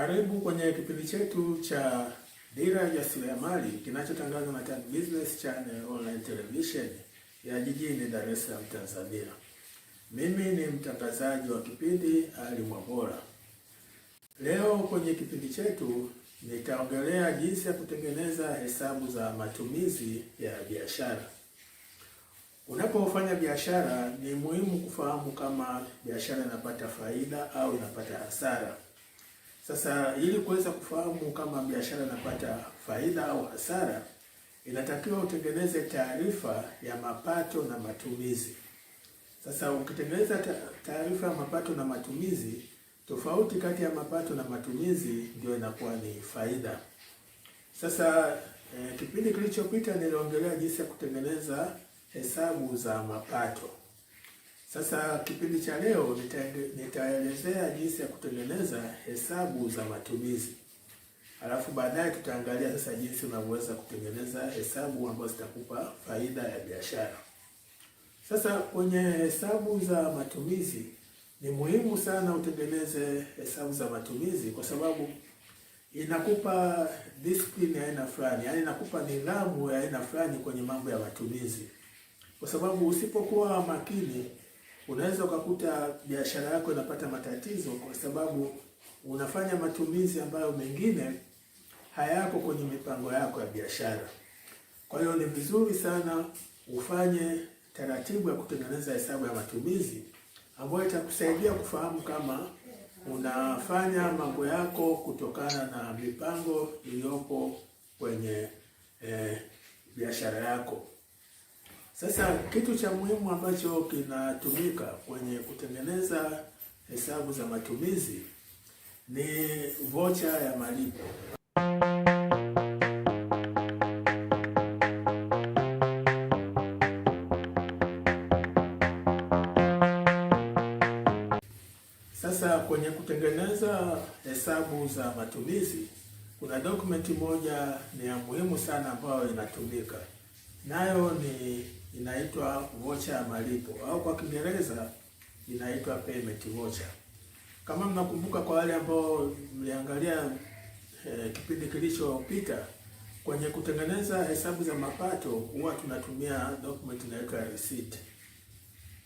Karibu kwenye kipindi chetu cha Dira ya Ujasiriamali kinachotangazwa na Tan Business Channel Online Television ya jijini Dar es Salaam, Tanzania. Mimi ni mtangazaji wa kipindi Ali Mwambola. Leo kwenye kipindi chetu nitaongelea jinsi ya kutengeneza hesabu za matumizi ya biashara. Unapofanya biashara, ni muhimu kufahamu kama biashara inapata faida au inapata hasara. Sasa ili kuweza kufahamu kama biashara inapata faida au hasara, inatakiwa utengeneze taarifa ya mapato na matumizi. Sasa ukitengeneza taarifa ya mapato na matumizi, tofauti kati ya mapato na matumizi ndio inakuwa ni faida. Sasa eh, kipindi kilichopita niliongelea jinsi ya kutengeneza hesabu za mapato. Sasa kipindi cha leo nitaelezea jinsi ya kutengeneza hesabu za matumizi, alafu baadaye tutaangalia sasa jinsi unavyoweza kutengeneza hesabu ambazo zitakupa faida ya biashara. Sasa kwenye hesabu za matumizi ni muhimu sana utengeneze hesabu za matumizi kwa sababu inakupa discipline ya aina fulani, yaani inakupa nidhamu ya aina fulani kwenye mambo ya matumizi, kwa sababu usipokuwa makini unaweza ukakuta biashara yako inapata matatizo kwa sababu unafanya matumizi ambayo mengine hayako kwenye mipango yako ya biashara. Kwa hiyo ni vizuri sana ufanye taratibu ya kutengeneza hesabu ya matumizi ambayo itakusaidia kufahamu kama unafanya mambo yako kutokana na mipango iliyopo kwenye eh, biashara yako. Sasa kitu cha muhimu ambacho kinatumika kwenye kutengeneza hesabu za matumizi ni vocha ya malipo. Sasa kwenye kutengeneza hesabu za matumizi kuna dokumenti moja ni ya muhimu sana ambayo inatumika nayo ni inaitwa vocha ya malipo au kwa Kiingereza inaitwa payment voucher. Kama mnakumbuka, kwa wale ambao mliangalia eh, kipindi kilichopita kwenye kutengeneza hesabu za mapato huwa tunatumia document inaitwa receipt.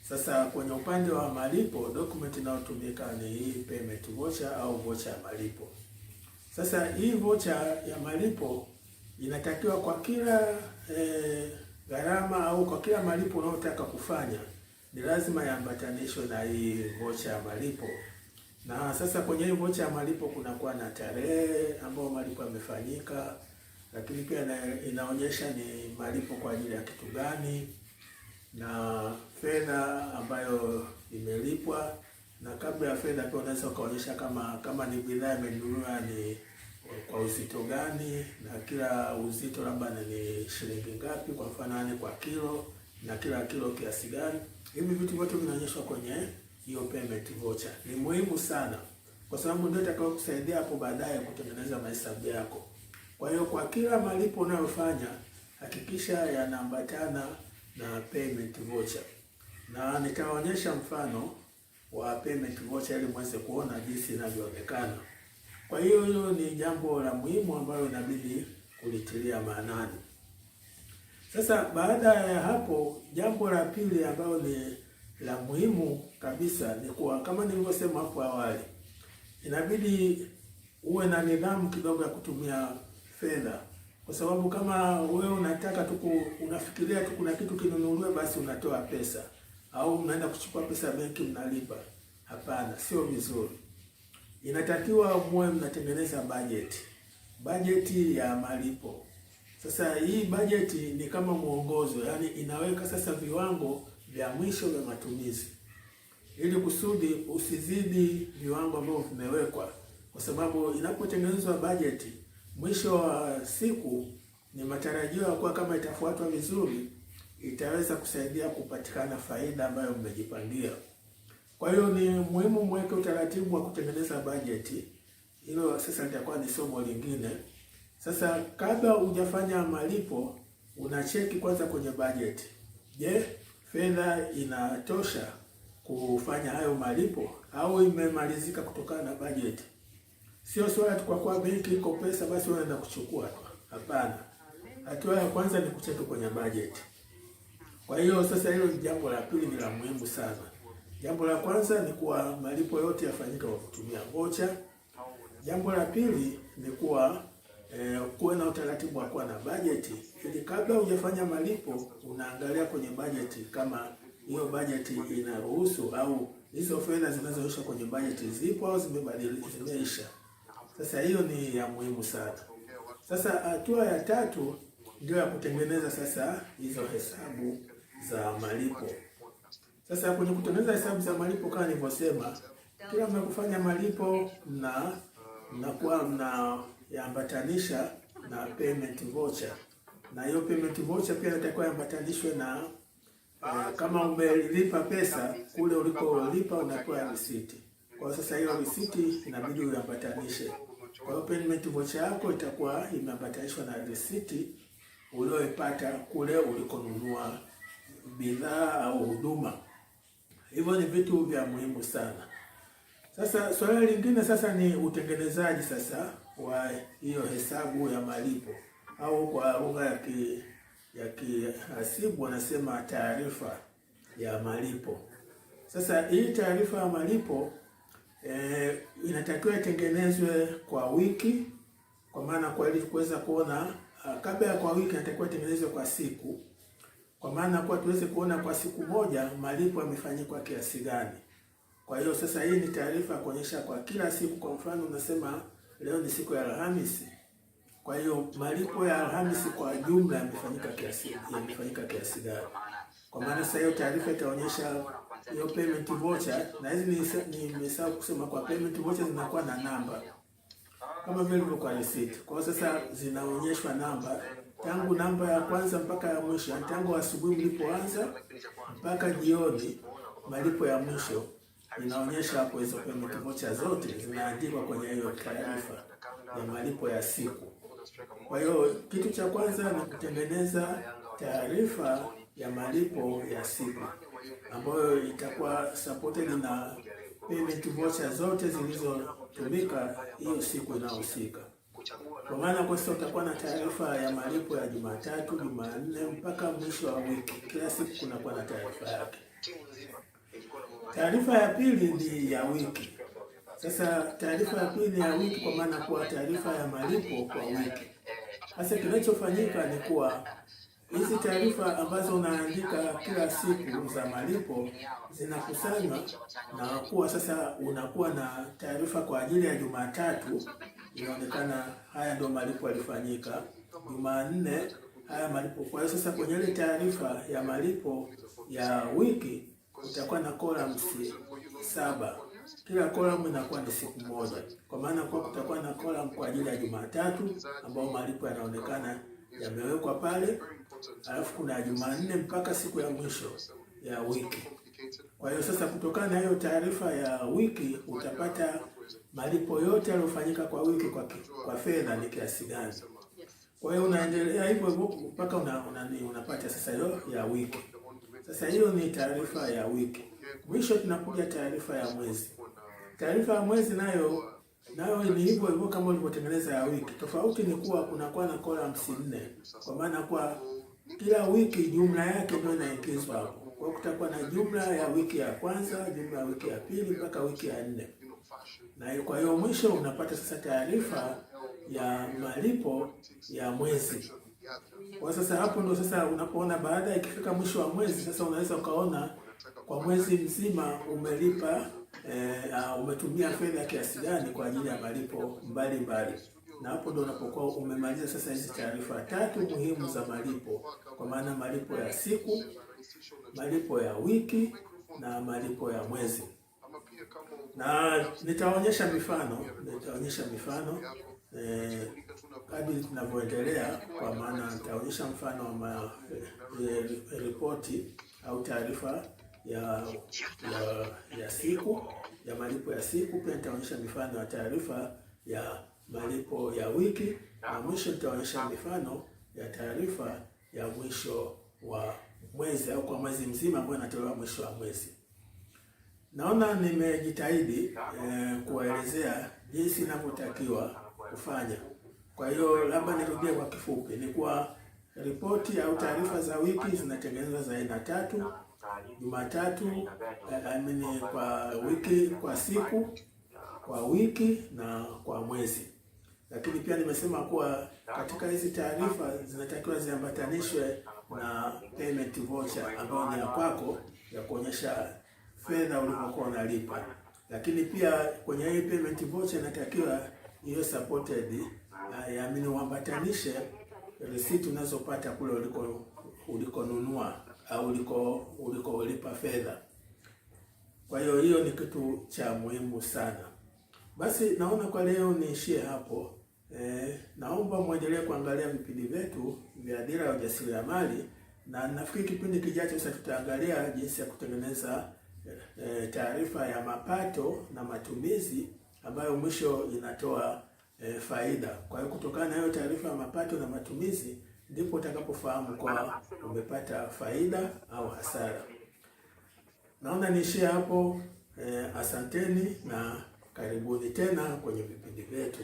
Sasa kwenye upande wa malipo document inayotumika ni hii payment voucher au vocha ya malipo. Sasa hii vocha ya malipo inatakiwa kwa kila eh, gharama au kwa kila malipo unayotaka kufanya ni lazima yaambatanishwe na hii vocha ya malipo. Na sasa kwenye hii vocha ya malipo kunakuwa na tarehe ambayo malipo yamefanyika, lakini pia inaonyesha ni malipo kwa ajili ya kitu gani na fedha ambayo imelipwa, na kabla ya fedha pia unaweza ukaonyesha kama kama ni bidhaa imenunuliwa ni kwa uzito gani, na kila uzito labda ni shilingi ngapi, kwa mfano ni kwa kilo, na kila kilo kiasi gani. Hivi vitu vyote vinaonyeshwa kwenye hiyo payment voucher. Ni muhimu sana kwa sababu ndio itakao kusaidia hapo baadaye kutengeneza mahesabu yako. Kwa hiyo kwa kila malipo unayofanya hakikisha yanaambatana na payment voucher, na nitaonyesha mfano wa payment voucher ili muweze kuona jinsi inavyoonekana. Kwa hiyo hilo ni jambo la muhimu ambalo inabidi kulitilia maanani. Sasa baada ya hapo, jambo la pili ambalo ni la muhimu kabisa ni kuwa, kama nilivyosema hapo awali, inabidi uwe na nidhamu kidogo ya kutumia fedha, kwa sababu kama wewe unataka tu unafikiria tu kuna kitu kinunuliwe, basi unatoa pesa au unaenda kuchukua pesa benki, mnalipa. Hapana, sio vizuri inatakiwa muwe mnatengeneza bajeti, bajeti ya malipo. Sasa hii bajeti ni kama mwongozo, yaani inaweka sasa viwango vya mwisho vya matumizi, ili kusudi usizidi viwango ambavyo vimewekwa, kwa sababu inapotengenezwa bajeti, mwisho wa siku ni matarajio ya kuwa kama itafuatwa vizuri, itaweza kusaidia kupatikana faida ambayo mmejipangia. Kwa hiyo ni muhimu mweke utaratibu wa kutengeneza bajeti. Hilo sasa litakuwa ni somo lingine. Sasa kabla hujafanya malipo, unacheki kwanza kwenye bajeti. Je, fedha inatosha kufanya hayo malipo au imemalizika kutokana na bajeti? Sio swala tu kwa kuwa benki iko pesa basi unaenda kuchukua tu. Hapana. Hatua ya kwanza ni kucheki kwenye bajeti. Kwa hiyo sasa, hilo ni jambo la pili, ni la muhimu sana. Jambo la kwanza ni kuwa malipo yote yafanyika kwa kutumia vocha. Jambo la pili ni kuwa e, kuwe na utaratibu wa kuwa na bajeti, ili kabla hujafanya malipo unaangalia kwenye bajeti kama hiyo bajeti inaruhusu au hizo fedha zinazoisha kwenye bajeti zipo au zimebadilika, zimeisha. Sasa hiyo ni ya muhimu sana. Sasa hatua ya tatu ndio ya kutengeneza sasa hizo hesabu za malipo. Sasa kwenye kutengeneza hesabu za malipo kama nilivyosema, kila mnapofanya malipo na mnakuwa mnaambatanisha na payment voucher, na hiyo payment voucher pia inatakiwa yambatanishwe na uh, kama umelipa pesa kule ulikolipa unapewa receipt. Kwa sasa hiyo receipt inabidi uyambatanishe. Kwa hiyo payment voucher yako itakuwa imeambatanishwa na receipt ulioipata kule ulikonunua bidhaa au huduma. Hivyo ni vitu vya muhimu sana. Sasa swala lingine sasa ni utengenezaji sasa wa hiyo hesabu ya malipo au kwa lugha ya ki ya kihasibu wanasema taarifa ya malipo. Sasa hii taarifa ya malipo e, inatakiwa itengenezwe kwa wiki, kwa maana kwa ili kuweza kuona ah, kabla ya kwa wiki inatakiwa itengenezwe kwa siku kwa maana kuwa tuweze kuona kwa siku moja malipo yamefanyikwa kiasi gani. Kwa hiyo sasa, hii ni taarifa ya kuonyesha kwa kila siku. Kwa mfano, unasema leo ni siku ya Alhamisi, kwa hiyo malipo ya Alhamisi kwa jumla yamefanyika kiasi yamefanyika kiasi gani? Kwa maana sasa hiyo taarifa itaonyesha hiyo payment voucher, na hizi nimesahau kusema kwa payment voucher zinakuwa na namba kama vile kwa receipt. Kwa hiyo sasa zinaonyeshwa namba tangu namba ya kwanza mpaka ya mwisho, yaani tangu asubuhi mlipoanza mpaka jioni malipo ya mwisho, inaonyesha hapo hizo payment voucher zote zinaandikwa kwenye hiyo taarifa ya malipo ya siku. Kwa hiyo kitu cha kwanza ni kutengeneza taarifa ya malipo ya siku ambayo itakuwa supported na payment voucher zote zilizotumika hiyo siku inayohusika. Kwa maana kwa sasa utakuwa na taarifa ya malipo ya Jumatatu, Jumanne mpaka mwisho wa wiki. Kila siku kunakuwa na taarifa yake. Taarifa ya pili ni ya wiki. Sasa taarifa ya pili ya wiki, kwa maana kuwa taarifa ya malipo kwa wiki. Sasa kinachofanyika ni kuwa hizi taarifa ambazo unaandika kila siku za malipo zinakusanywa na kuwa sasa unakuwa na taarifa kwa ajili ya Jumatatu inaonekana haya ndio malipo yalifanyika Jumanne, haya malipo. Kwa hiyo sasa kwenye ile taarifa ya malipo ya wiki utakuwa na columns saba, kila column inakuwa ni siku moja, kwa maana kwa kutakuwa na column kwa ajili ya Jumatatu ambayo malipo yanaonekana yamewekwa pale, alafu kuna Jumanne mpaka siku ya mwisho ya wiki. Kwa hiyo sasa, kutokana na hiyo taarifa ya wiki utapata malipo yote yaliyofanyika kwa wiki kwa, kwa fedha ni kiasi gani. Kwa hiyo unaendelea hivyo hivyo mpaka una, una, unapata sasa hiyo ya wiki. Sasa hiyo ni taarifa ya wiki. Mwisho tunakuja taarifa ya mwezi. Taarifa ya mwezi nayo nayo ni hivyo hivyo kama ulivyotengeneza ya wiki. Tofauti ni kuwa kunakuwa na kola 54 kwa maana kwa kila wiki jumla yake ndio inaingizwa hapo. Kwa kutakuwa na jumla ya wiki ya kwanza, jumla ya wiki ya pili mpaka wiki ya nne, na kwa hiyo mwisho unapata sasa taarifa ya malipo ya mwezi. Kwa sasa hapo ndio sasa unapoona baada ya ikifika mwisho wa mwezi, sasa unaweza ukaona kwa mwezi mzima umelipa, e, umetumia fedha kiasi gani kwa ajili ya malipo mbalimbali na hapo ndo unapokuwa umemaliza sasa hizi taarifa tatu muhimu za malipo, kwa maana malipo ya siku, malipo ya wiki na malipo ya mwezi. Na nitaonyesha mifano, nitaonyesha mifano eh, tunavyoendelea, kwa maana nitaonyesha mfano wa ma, eh, ripoti au taarifa ya, ya ya siku ya malipo ya siku. Pia nitaonyesha mifano ya taarifa ya malipo ya wiki, na mwisho tutaonyesha mifano ya taarifa ya mwisho wa mwezi au kwa mwezi mzima ambayo inatolewa mwisho wa mwezi. Naona nimejitahidi eh, kuwaelezea jinsi inavyotakiwa kufanya. Kwa hiyo labda nirudie kwa kifupi, ni kuwa ripoti au taarifa za wiki zinatengenezwa za aina tatu: Jumatatu amini, eh, kwa wiki, kwa siku, kwa wiki na kwa mwezi lakini pia nimesema kuwa katika hizi taarifa zinatakiwa ziambatanishwe na payment voucher ambayo ni ya kwako ya kuonyesha fedha ulipokuwa unalipa, lakini pia kwenye hii payment voucher inatakiwa hiyo supported yaamini, uambatanishe receipt unazopata kule uliko ulikonunua au uliko ulikolipa fedha. Kwa hiyo hiyo ni kitu cha muhimu sana. Basi naona kwa leo niishie hapo. E, naomba mwendelee kuangalia vipindi vyetu vya Dira ya Ujasiriamali na nafikiri kipindi kijacho sasa tutaangalia jinsi ya kutengeneza e, taarifa ya mapato na matumizi ambayo mwisho inatoa e, faida. Kwa hiyo kutokana na hiyo taarifa ya mapato na matumizi ndipo utakapofahamu kwa umepata faida au hasara. Naona niishie hapo. E, asanteni na Karibuni tena kwenye vipindi vyetu.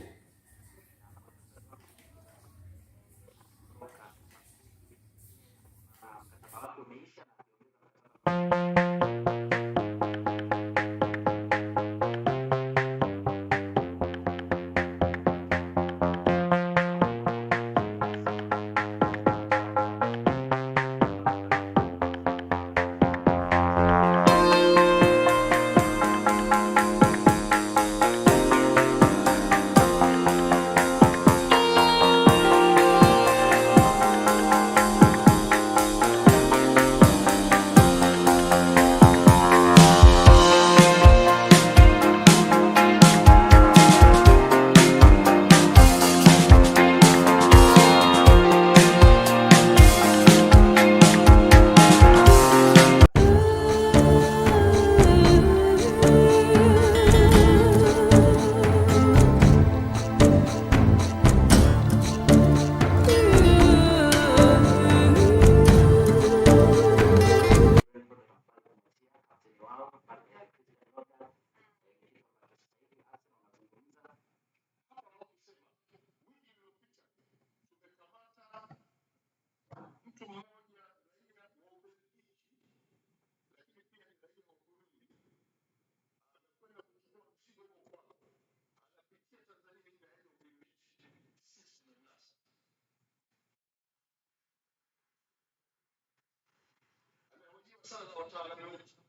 São Paulo,